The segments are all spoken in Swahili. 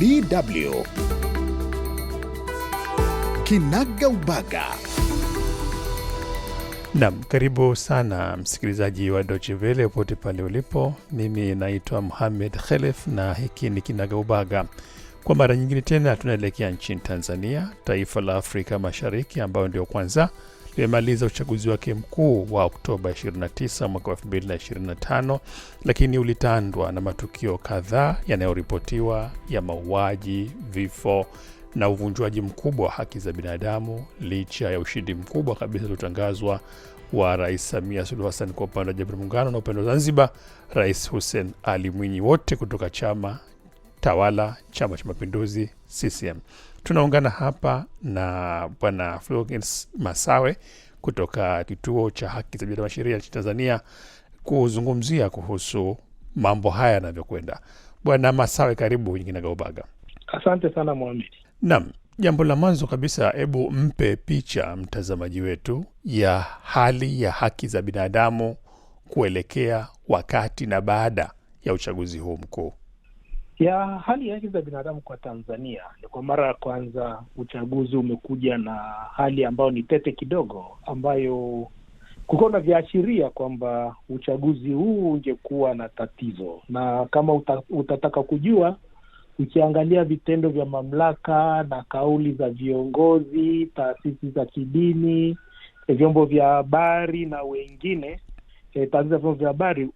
DW Kinaga Ubaga. Naam, karibu sana msikilizaji wa Deutsche Welle popote pale ulipo. Mimi naitwa Mohamed Khelef na hiki ni Kinaga Ubaga. Kwa mara nyingine tena tunaelekea nchini Tanzania, taifa la Afrika Mashariki ambayo ndio kwanza limemaliza uchaguzi wake mkuu wa Oktoba 29 mwaka 2025, lakini ulitandwa na matukio kadhaa yanayoripotiwa ya mauaji, vifo na uvunjwaji mkubwa wa haki za binadamu, licha ya ushindi mkubwa kabisa uliotangazwa wa Rais Samia Suluhu Hassan kwa upande wa Jamhuri ya Muungano na upande wa Zanzibar, Rais Hussein Ali Mwinyi, wote kutoka chama tawala, Chama cha Mapinduzi, CCM. Tunaungana hapa na Bwana Florence Masawe kutoka Kituo cha Haki za Binadamu Sheria nchini Tanzania kuzungumzia kuhusu mambo haya yanavyokwenda. Bwana Masawe, karibu Kinagaubaga. Asante sana Mohamed. Naam, jambo la mwanzo kabisa, hebu mpe picha mtazamaji wetu ya hali ya haki za binadamu kuelekea wakati na baada ya uchaguzi huu mkuu ya hali ya haki za binadamu kwa Tanzania ni kwa mara ya kwanza uchaguzi umekuja na hali ambayo ni tete kidogo, ambayo kuko na viashiria kwamba uchaguzi huu ungekuwa na tatizo, na kama uta, utataka kujua ukiangalia vitendo vya mamlaka na kauli za viongozi, taasisi za kidini, vyombo vya habari na wengine eh, taarifa vyombo vya habari,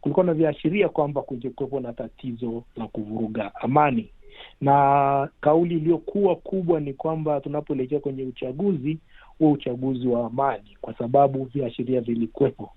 kulikuwa na viashiria kwamba kungekuwepo na tatizo la kuvuruga amani, na kauli iliyokuwa kubwa ni kwamba tunapoelekea kwenye uchaguzi huo, uchaguzi wa amani, kwa sababu viashiria vilikuwepo.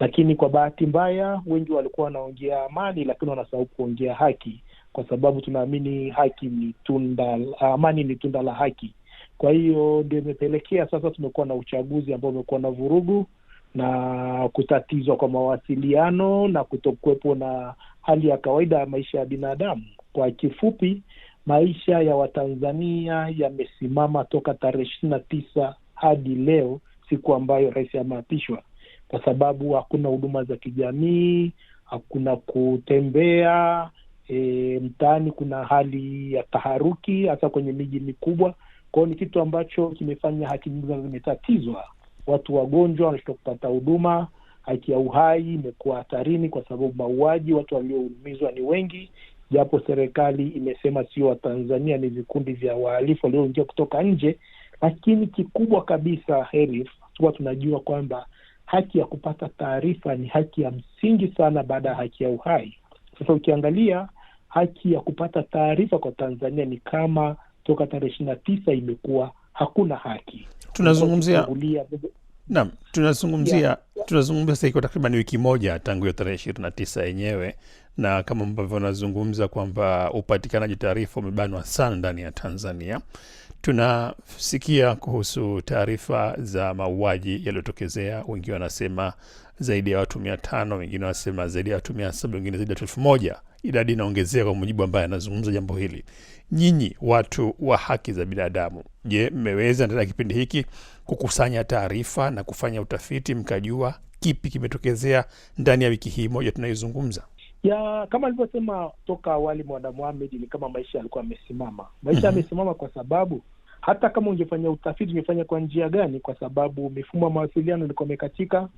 Lakini kwa bahati mbaya, wengi walikuwa wanaongea amani, lakini wanasahau kuongea haki, kwa sababu tunaamini haki ni tunda, amani ni tunda la haki. Kwa hiyo ndio imepelekea sasa tumekuwa na uchaguzi ambao umekuwa na vurugu na kutatizwa kwa mawasiliano na kutokuwepo na hali ya kawaida ya maisha ya binadamu. Kwa kifupi, maisha ya Watanzania yamesimama toka tarehe ishirini na tisa hadi leo, siku ambayo rais ameapishwa, kwa sababu hakuna huduma za kijamii, hakuna kutembea e, mtaani kuna hali ya taharuki, hasa kwenye miji mikubwa kwao. Ni kitu ambacho kimefanya haki nyingi zimetatizwa watu wagonjwa wanashindwa kupata huduma, haki ya uhai imekuwa hatarini kwa sababu mauaji, watu walioumizwa ni wengi, japo serikali imesema sio Watanzania, ni vikundi vya wahalifu walioingia kutoka nje. Lakini kikubwa kabisa, Herif, huwa tunajua kwamba haki ya kupata taarifa ni haki ya msingi sana baada ya haki ya uhai. Sasa ukiangalia haki ya kupata taarifa kwa Tanzania ni kama toka tarehe ishiri na tisa imekuwa hakuna haki tunazungumzia naam, tunazungumzia yeah, yeah. Tunazungumzia sahii kwa takriban wiki moja tangu hiyo tarehe ishirini na tisa yenyewe, na kama ambavyo unazungumza kwamba upatikanaji taarifa umebanwa sana ndani ya Tanzania. Tunasikia kuhusu taarifa za mauaji yaliyotokezea, wengi wanasema zaidi ya watu mia tano, wengine wanasema zaidi ya watu mia saba, wengine zaidi ya watu elfu moja idadi inaongezeka, kwa mujibu ambaye anazungumza jambo hili. Nyinyi watu wa haki za binadamu, je, mmeweza ndani ya kipindi hiki kukusanya taarifa na kufanya utafiti mkajua kipi kimetokezea ndani ya wiki hii moja tunayozungumza ya kama alivyosema toka awali Bwana Mohamed, ni kama maisha yalikuwa amesimama. Maisha mhm. yamesimama mm -hmm. kwa sababu hata kama ungefanya utafiti ungefanya kwa njia gani? Kwa sababu mifumo ya mawasiliano ilikuwa imekatika,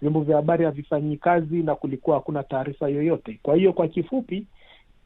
vyombo vya habari havifanyi kazi na kulikuwa hakuna taarifa yoyote. Kwa hiyo kwa kifupi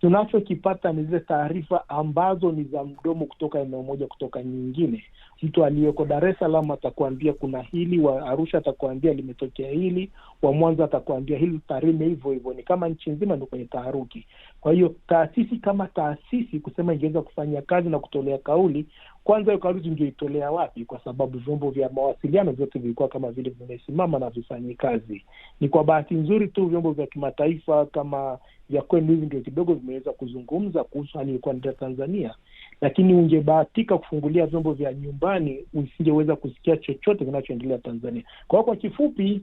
tunachokipata ni zile taarifa ambazo ni za mdomo kutoka eneo moja kutoka nyingine. Mtu aliyeko Dar es Salaam atakuambia kuna hili, wa Arusha atakuambia limetokea hili, wa Mwanza atakuambia hili, Tarime hivyo hivyo. Ni kama nchi nzima ni kwenye taharuki. Kwa hiyo taasisi kama taasisi kusema ingeweza kufanya kazi na kutolea kauli, kwanza hiyo kauli tungeitolea wapi? Kwa sababu vyombo vya mawasiliano vyote vilikuwa kama vile vimesimama na vifanyi kazi. Ni kwa bahati nzuri tu vyombo vya kimataifa kama vya kwenu hivi ndio kidogo vimeweza kuzungumza kuhusu hali ilikuwa ya Tanzania, lakini ungebahatika kufungulia vyombo vya nyumbani usingeweza kusikia chochote kinachoendelea Tanzania. Kwa hiyo kwa kifupi,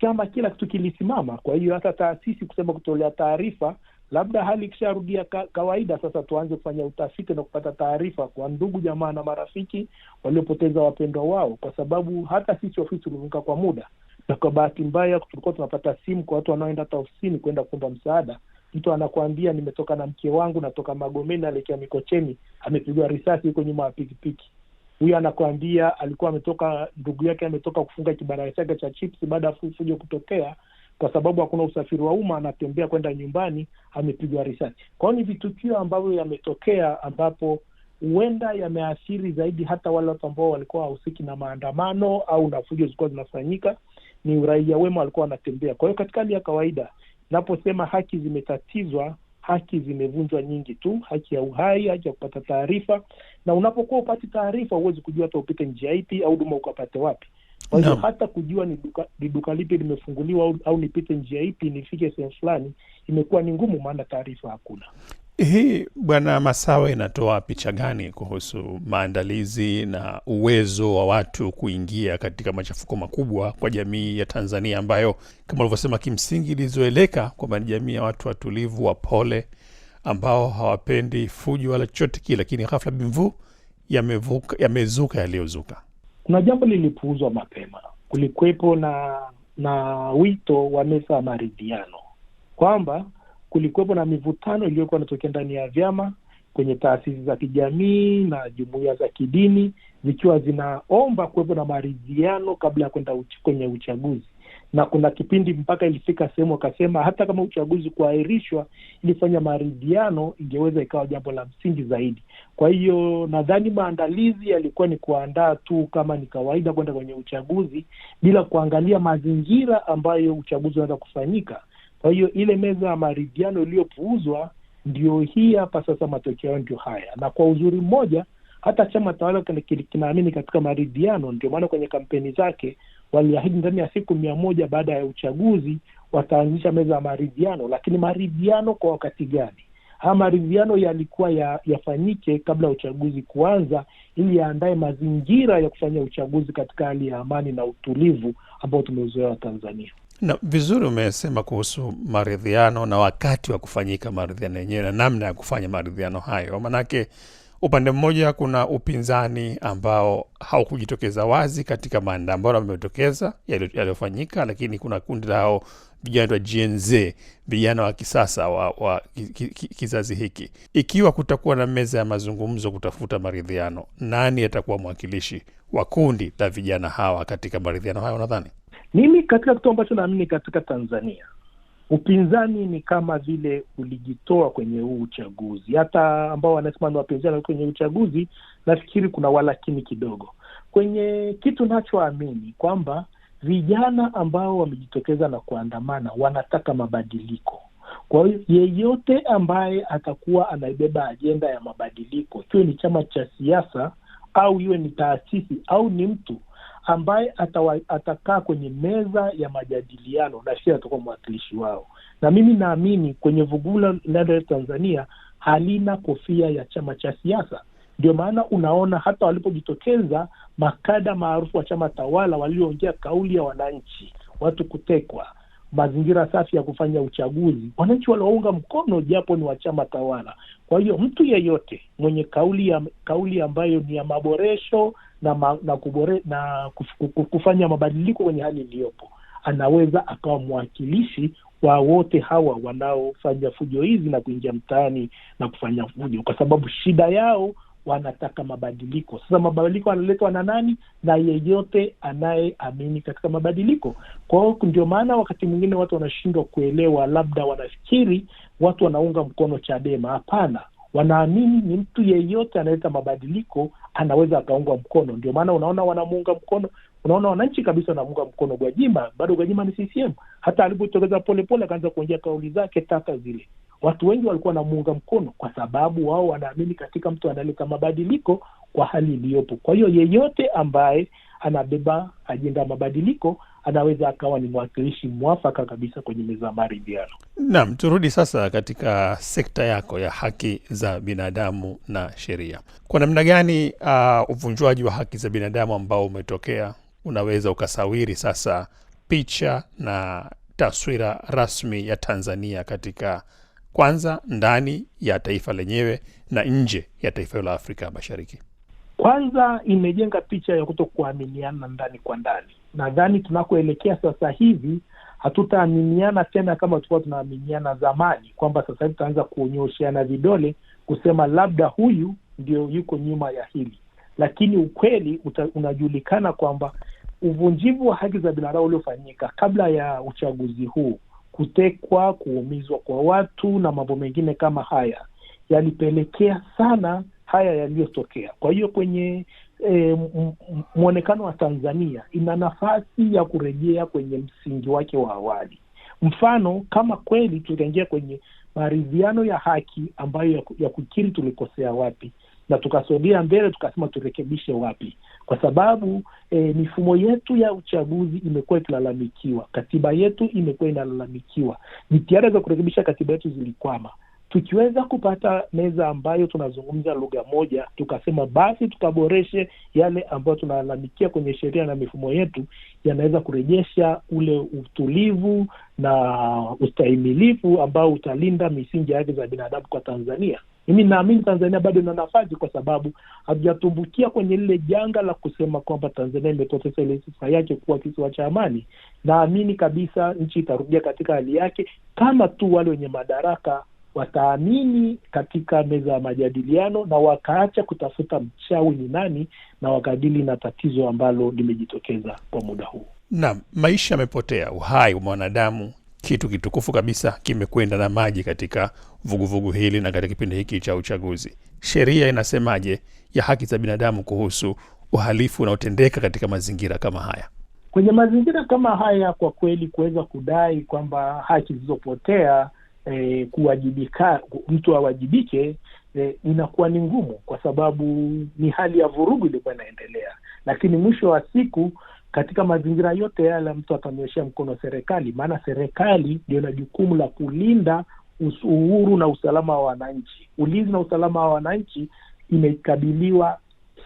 kama kila kitu kilisimama. Kwa hiyo hata taasisi kusema kutolea taarifa, labda hali ikisharudia ka, kawaida, sasa tuanze kufanya utafiti na kupata taarifa kwa ndugu jamaa na marafiki waliopoteza wapendwa wao, kwa sababu hata sisi ofisi tulifunga kwa muda na kwa bahati mbaya tulikuwa tunapata simu kwa watu wanaoenda hata ofisini kuenda kuomba msaada. Mtu anakuambia nimetoka na mke wangu, natoka Magomeni naelekea Mikocheni, amepigwa risasi huko nyuma ya pikipiki. Huyo anakuambia alikuwa ametoka, ndugu yake ametoka kufunga kibanda chake cha chips baada ya fujo kutokea, kwa sababu hakuna usafiri wa umma, anatembea kwenda nyumbani, amepigwa risasi. kwao ni vitukio ambavyo yametokea, ambapo huenda yameathiri zaidi hata wale watu ambao walikuwa wahusiki na maandamano au na fujo zilikuwa zinafanyika ni uraia wema walikuwa wanatembea. Kwa hiyo katika hali ya kawaida, naposema haki zimetatizwa, haki zimevunjwa nyingi tu, haki ya uhai, haki ya kupata taarifa. Na unapokuwa upati taarifa, huwezi kujua hata upite njia ipi au duma ukapate wapi. Kwa hiyo no. hata kujua ni duka, ni duka lipi limefunguliwa au, au nipite njia ipi nifike sehemu fulani imekuwa ni ngumu, maana taarifa hakuna. Hii Bwana Masawe, inatoa picha gani kuhusu maandalizi na uwezo wa watu kuingia katika machafuko makubwa kwa jamii ya Tanzania ambayo kama ulivyosema, kimsingi ilizoeleka kwamba ni jamii ya watu watulivu, wapole, ambao hawapendi fuju wala chochote kile, lakini ghafla bimvu yamezuka yaliyozuka. Kuna jambo lilipuuzwa mapema. Kulikuwepo na na wito wa meza ya maridhiano kwamba kulikuwepo na mivutano iliyokuwa inatokea ndani ya vyama, kwenye taasisi za kijamii na jumuia za kidini, zikiwa zinaomba kuwepo na maridhiano kabla ya kwenda uch kwenye uchaguzi na kuna kipindi mpaka ilifika sehemu wakasema hata kama uchaguzi kuahirishwa, ili maridhiano ingeweza ikawa jambo la msingi zaidi. Kwa hiyo nadhani maandalizi yalikuwa ni kuandaa tu kama ni kawaida kwenda kwenye uchaguzi bila kuangalia mazingira ambayo uchaguzi unaweza kufanyika, kwa hiyo ile meza ya maridhiano iliyopuuzwa ndio hii hapa sasa, matokeo ndio haya. Na kwa uzuri mmoja, hata chama tawala kinaamini katika maridhiano. Ndio maana kwenye kampeni zake waliahidi ndani ya siku mia moja baada ya uchaguzi wataanzisha meza ya maridhiano. Lakini maridhiano kwa wakati gani? Haya maridhiano yalikuwa ya, yafanyike kabla ya uchaguzi kuanza, ili yaandae mazingira ya kufanya uchaguzi katika hali ya amani na utulivu ambao tumeuzoea Tanzania. Na vizuri umesema kuhusu maridhiano na wakati wa kufanyika maridhiano yenyewe na namna ya kufanya maridhiano hayo, manake upande mmoja kuna upinzani ambao haukujitokeza wazi katika maandamano yametokeza yaliyofanyika, lakini kuna kundi lao vijana wa gnz vijana wa kisasa wa, wa kizazi hiki. Ikiwa kutakuwa na meza ya mazungumzo kutafuta maridhiano, nani atakuwa mwakilishi wa kundi la vijana hawa katika maridhiano hayo, nadhani mimi katika kitu ambacho naamini katika Tanzania, upinzani ni kama vile ulijitoa kwenye huu uchaguzi. Hata ambao wanasema ni wapinzani kwenye uchaguzi, nafikiri kuna walakini kidogo kwenye kitu nachoamini kwamba vijana ambao wamejitokeza na kuandamana wanataka mabadiliko. Kwa hiyo yeyote ambaye atakuwa anaibeba ajenda ya mabadiliko, kiwe ni chama cha siasa au iwe ni taasisi au ni mtu ambaye atawa, atakaa kwenye meza ya majadiliano na shia atakuwa mwakilishi wao, na mimi naamini kwenye vuguvugu ya Tanzania halina kofia ya chama cha siasa. Ndio maana unaona hata walipojitokeza makada maarufu wa chama tawala walioongea kauli ya wananchi, watu kutekwa, mazingira safi ya kufanya uchaguzi, wananchi waliwaunga mkono, japo ni wa chama tawala. Kwa hiyo mtu yeyote mwenye kauli ya, kauli ambayo ni ya maboresho na, ma, na, kubore, na kuf, kufanya mabadiliko kwenye hali iliyopo anaweza akawa mwakilishi wa wote hawa wanaofanya fujo hizi na kuingia mtaani na kufanya fujo, kwa sababu shida yao wanataka mabadiliko. Sasa mabadiliko analetwa na nani? Na yeyote anayeamini katika mabadiliko. Kwa ndio maana wakati mwingine watu wanashindwa kuelewa, labda wanafikiri watu wanaunga mkono Chadema. Hapana, wanaamini ni mtu yeyote analeta mabadiliko anaweza akaungwa mkono. Ndio maana unaona wanamuunga mkono, unaona wananchi kabisa wanamuunga mkono Gwajima. Bado Gwajima ni CCM, hata alipotokeza Polepole akaanza kuongea kauli zake tata zile Watu wengi walikuwa wanamuunga mkono kwa sababu wao wanaamini katika mtu analeta mabadiliko kwa hali iliyopo. Kwa hiyo yeyote ambaye anabeba ajenda ya mabadiliko anaweza akawa ni mwakilishi mwafaka kabisa kwenye meza ya maridhiano. nam turudi sasa katika sekta yako ya haki za binadamu na sheria. Kwa namna gani uh, uvunjwaji wa haki za binadamu ambao umetokea unaweza ukasawiri sasa picha na taswira rasmi ya Tanzania katika kwanza ndani ya taifa lenyewe na nje ya taifa hilo la Afrika Mashariki? Kwanza imejenga picha ya kutokuaminiana ndani kwa ndani. Nadhani tunakoelekea sasa hivi hatutaaminiana tena kama tulikuwa tunaaminiana zamani, kwamba sasa hivi tutaanza kuonyosheana vidole kusema labda huyu ndio yuko nyuma ya hili, lakini ukweli uta, unajulikana kwamba uvunjivu wa haki za binadamu uliofanyika kabla ya uchaguzi huu kutekwa, kuumizwa kwa watu na mambo mengine kama haya yalipelekea sana haya yaliyotokea. Kwa hiyo kwenye e, mwonekano wa Tanzania ina nafasi ya kurejea kwenye msingi wake wa awali. Mfano, kama kweli tutaingia kwenye maridhiano ya haki ambayo ya, ya kukiri tulikosea wapi, na tukasogea mbele tukasema turekebishe wapi, kwa sababu e, mifumo yetu ya uchaguzi imekuwa ikilalamikiwa, katiba yetu imekuwa inalalamikiwa, jitihada za kurekebisha katiba yetu zilikwama. Tukiweza kupata meza ambayo tunazungumza lugha moja, tukasema basi tukaboreshe yale ambayo tunalalamikia kwenye sheria na mifumo yetu, yanaweza kurejesha ule utulivu na ustahimilifu ambao utalinda misingi yake za binadamu kwa Tanzania. Mimi naamini Tanzania bado ina nafasi, kwa sababu hatujatumbukia kwenye lile janga la kusema kwamba Tanzania imepoteza ile sifa yake kuwa kisiwa cha amani. Naamini kabisa nchi itarudia katika hali yake kama tu wale wenye madaraka wataamini katika meza ya majadiliano na wakaacha kutafuta mchawi ni nani, na wakadili na tatizo ambalo limejitokeza kwa muda huu. Naam, maisha yamepotea, uhai wa mwanadamu, kitu kitukufu kabisa kimekwenda na maji katika vuguvugu vugu hili na katika kipindi hiki cha uchaguzi. Sheria inasemaje ya haki za binadamu kuhusu uhalifu unaotendeka katika mazingira kama haya? Kwenye mazingira kama haya, kwa kweli kuweza kudai kwamba haki zilizopotea e, kuwajibika, mtu awajibike e, inakuwa ni ngumu, kwa sababu ni hali ya vurugu ilikuwa inaendelea, lakini mwisho wa siku katika mazingira yote yale, mtu atanyoshea mkono serikali, maana serikali ndio na jukumu la kulinda uhuru na usalama wa wananchi. Ulinzi na usalama wa wananchi imekabiliwa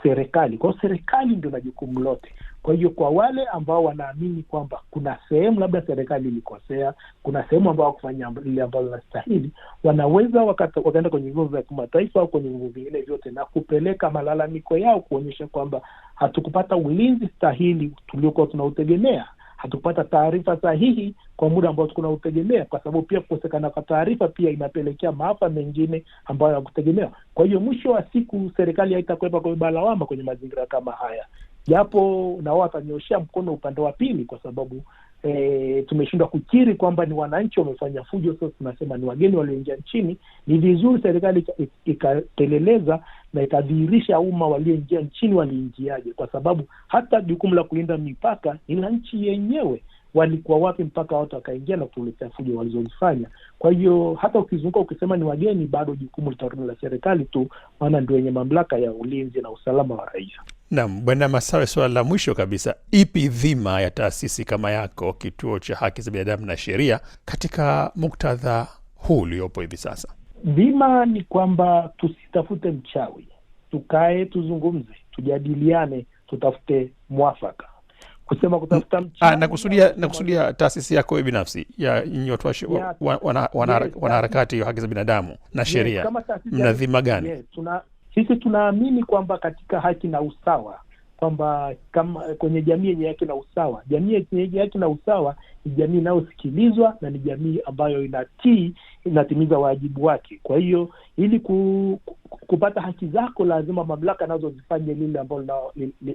serikali, kwao serikali ndio na jukumu lote. Kwa hiyo kwa wale ambao wanaamini kwamba kuna sehemu labda serikali ilikosea, kuna sehemu ambao wakufanya lile ambalo nastahili wanaweza wakaenda kwenye vyombo vya kimataifa au kwenye vyombo vingine vyote na kupeleka malalamiko yao kuonyesha kwamba hatukupata ulinzi stahili tuliokuwa tunautegemea, hatukupata taarifa sahihi kwa muda ambao tunautegemea, kwa sababu pia kukosekana kwa taarifa pia inapelekea maafa mengine ambayo yakutegemewa Kwa hiyo mwisho wa siku serikali haitakuwepa kwenye balawama kwenye mazingira kama haya japo na wao watanyoshea mkono upande wa pili, kwa sababu e, tumeshindwa kukiri kwamba ni wananchi wamefanya fujo. Sasa tunasema ni wageni walioingia nchini. Ni vizuri serikali ikapeleleza na ikadhihirisha umma walioingia nchini waliingiaje, kwa sababu hata jukumu la kulinda mipaka ni la nchi yenyewe walikuwa wapi mpaka watu wakaingia na kutuletea fujo walizozifanya. Kwa hiyo hata ukizunguka ukisema ni wageni, bado jukumu litarudi la serikali tu, maana ndio wenye mamlaka ya ulinzi na usalama wa raia. Naam, Bwana Masawe, swala la mwisho kabisa, ipi dhima ya taasisi kama yako, Kituo cha Haki za Binadamu na Sheria, katika muktadha huu uliopo hivi sasa? Dhima ni kwamba tusitafute mchawi, tukae, tuzungumze, tujadiliane, tutafute mwafaka. Kusema kutafuta mm, mchawi, ah, taasisi yako wewe binafsi ya nyinyi watu wanaharakati wana, wana, wana, wana, wa, haki za binadamu na sheria, mna dhima gani? yes, tuna sisi tunaamini kwamba katika haki na usawa kwamba kama kwenye jamii yenye haki na usawa, jamii yenye haki na usawa ni jamii inayosikilizwa na ni jamii ambayo inatii, inatimiza wajibu wake. Kwa hiyo ili ku, kupata haki zako lazima mamlaka anazozifanya lile ambalo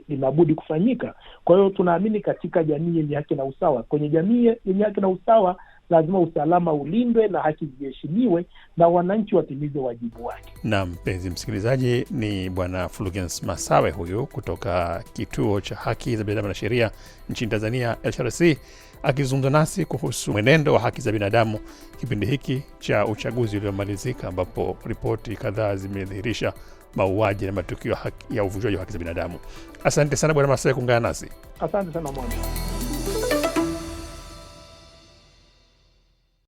linabudi kufanyika. Kwa hiyo tunaamini katika jamii yenye haki na usawa. Kwenye jamii yenye haki na usawa lazima usalama ulindwe na haki ziheshimiwe na wananchi watimize wajibu wake. Na mpenzi msikilizaji, ni Bwana Fulgens Masawe huyu kutoka Kituo cha Haki za Binadamu na Sheria nchini Tanzania, LHRC, akizungumza nasi kuhusu mwenendo wa haki za binadamu kipindi hiki cha uchaguzi uliomalizika, ambapo ripoti kadhaa zimedhihirisha mauaji na matukio ya uvunjaji wa haki za binadamu. Asante sana Bwana Masawe kuungana nasi. Asante sana Mwana.